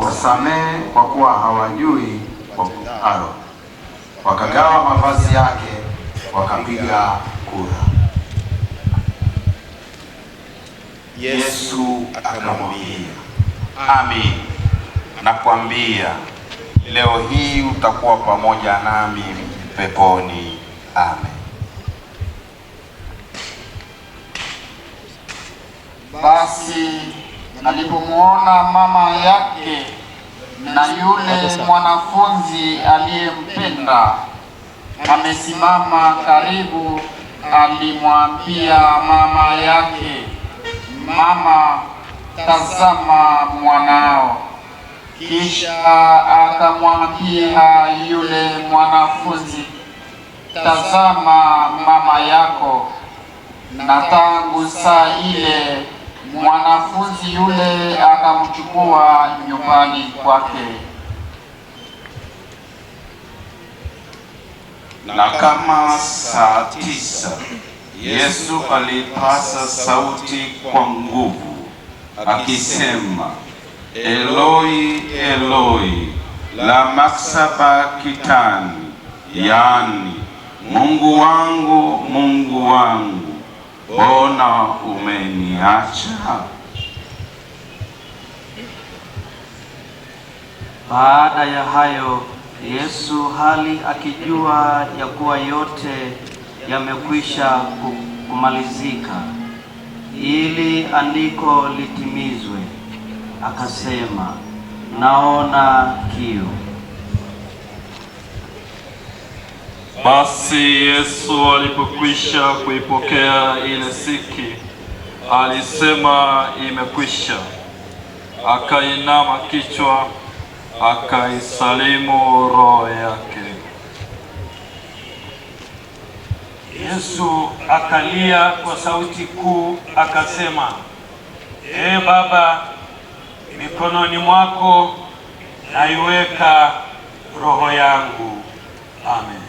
wasamehe kwa kuwa hawajui wakupalo. Wakagawa mavazi yake, wakapiga kura. Yesu akamwambia, amin, nakwambia leo hii utakuwa pamoja nami peponi. Amen. Basi Alipomwona mama yake na yule mwanafunzi aliyempenda amesimama karibu, alimwambia mama yake, mama, tazama mwanao. Kisha akamwambia yule mwanafunzi, tazama mama yako. Na tangu saa ile mwanafunzi yule akamchukua nyumbani kwake, na kama saa tisa Yesu alipasa sauti kwa nguvu akisema, Eloi Eloi maksaba kitani, yaani Mungu wangu Mungu wangu mbona umeniacha? Baada ya hayo Yesu hali akijua ya kuwa yote yamekwisha kumalizika, ili andiko litimizwe, akasema, naona kiu. Basi Yesu alipokwisha kuipokea ile siki, alisema imekwisha, akainama kichwa, akaisalimu roho yake. Yesu akalia kwa sauti kuu, akasema, Ee Baba, mikononi mwako naiweka roho yangu. Amen.